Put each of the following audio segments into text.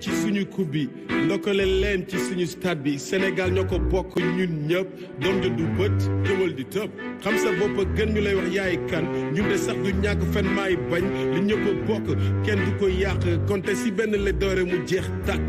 ci suñu coupe bi ndokale leen ci suñu stade bi Sénégal ñoo ko bokk ñun ñëpp doom du bët jëwal di tëb xam sa bopp gën ñu lay wax yaay kan ñun de sax du ñàkk fen maay bañ li ñëpp bokk kenn du ko yàq konte si benn la doore mu jeex tàkk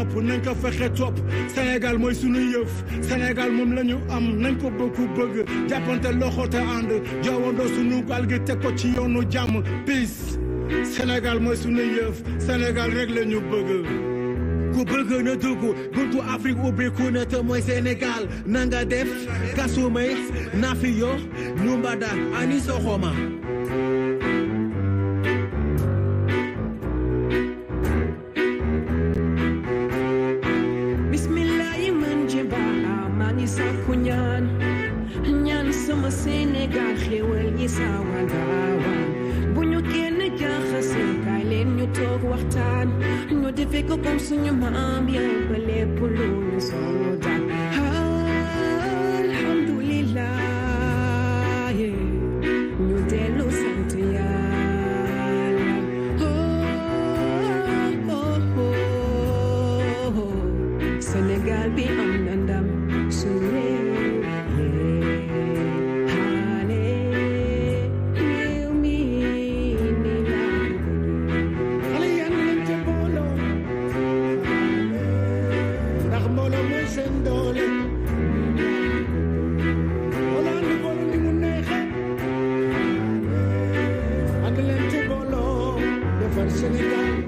nopp nañ ko fexe topp Sénégal mooy sunu yëf Sénégal moom la am nañ ko bëggu bëgg jàppante loxo te ànd joowandoo sunu gaal gi teg ko ci yoonu jàmm peace Sénégal mooy sunu yëf Sénégal rek la bëgg. ku bëgg na dugg buntu Afrique ubbiku na te mooy Sénégal nanga def kasumay nafiyo numbada ani soxoma con sueño mami, peleé por luz. Jamachier.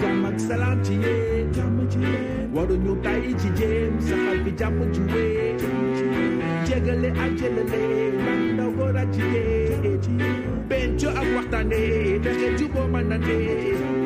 Jamak Salantier, Jamachier, Warunu Taiji James, Sapi Jamujue, Jegale Angelale, Manda Warachi, Benjo Aguatane, Jubo Manane.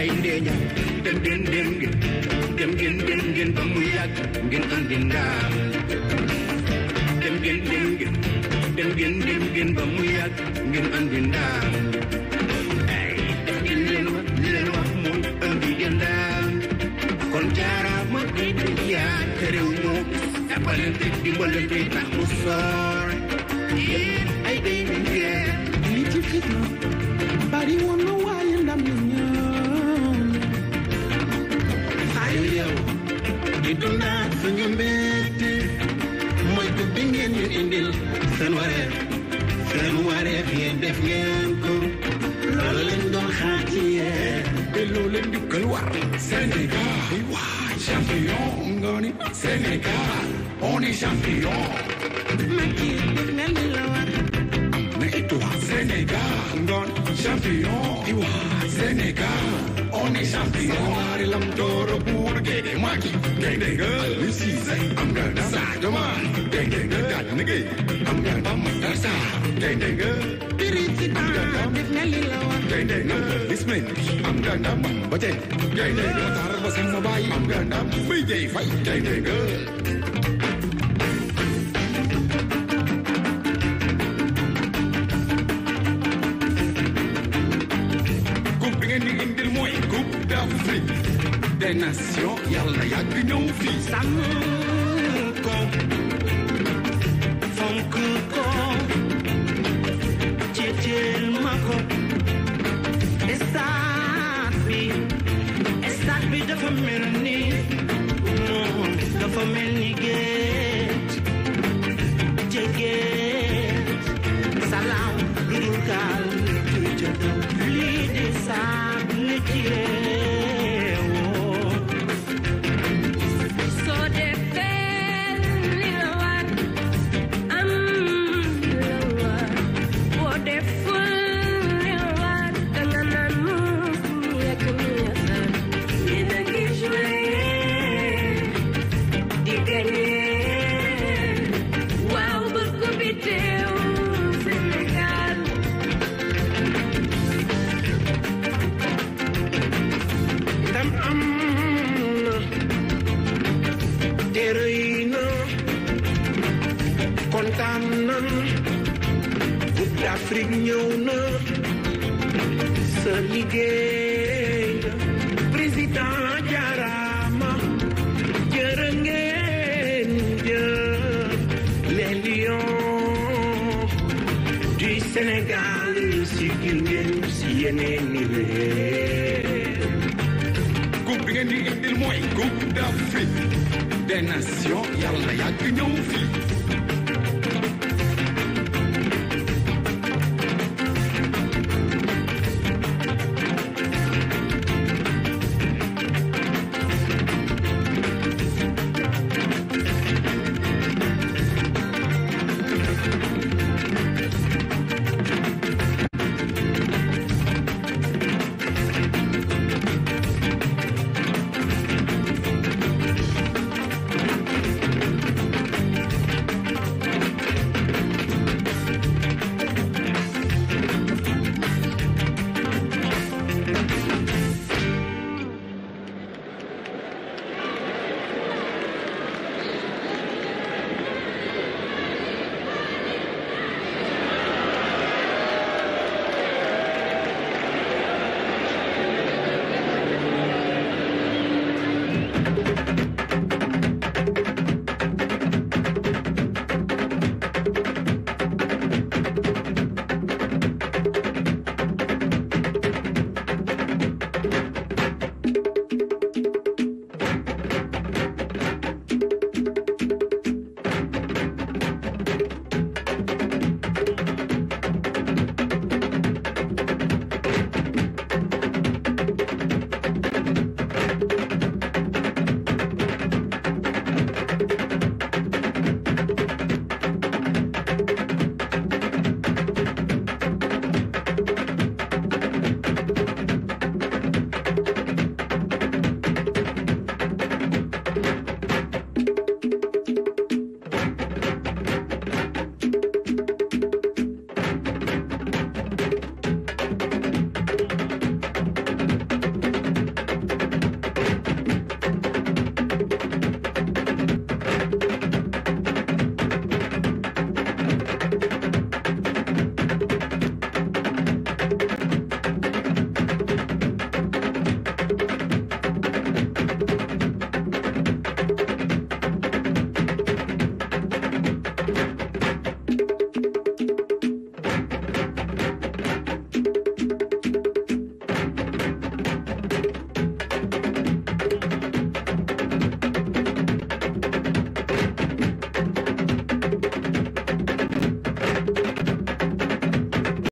ay ndeeja dem den dem ngeen dem ngeen dem ngeen ba mu yàgg ngeen dem dem dem dem Sénégal, champion nga ni Sénégal, on est champion. Macky bëgg na li la Sénégal nga ni champion. Sénégal. Only champion. Marilam Joro Burge de Maki. Gede girl, this season. I'm gonna Sagama. Gede girl, that nigga. I'm gonna bump Darsa. Gede girl. Piritita. I'm gonna definitely lower. Gede girl, this man. I'm gonna bump Bajen. Gede girl, Tarba Samabai. I'm gonna bump Bijay Fight. Gede girl. Afrique des nations, yalla yak union fils. Sénégal sikki ngeen si yeneen ni réew. coupe bi ngeen di indil mooy coupe d'Afrique des nations yàlla yàgg ñëw fii.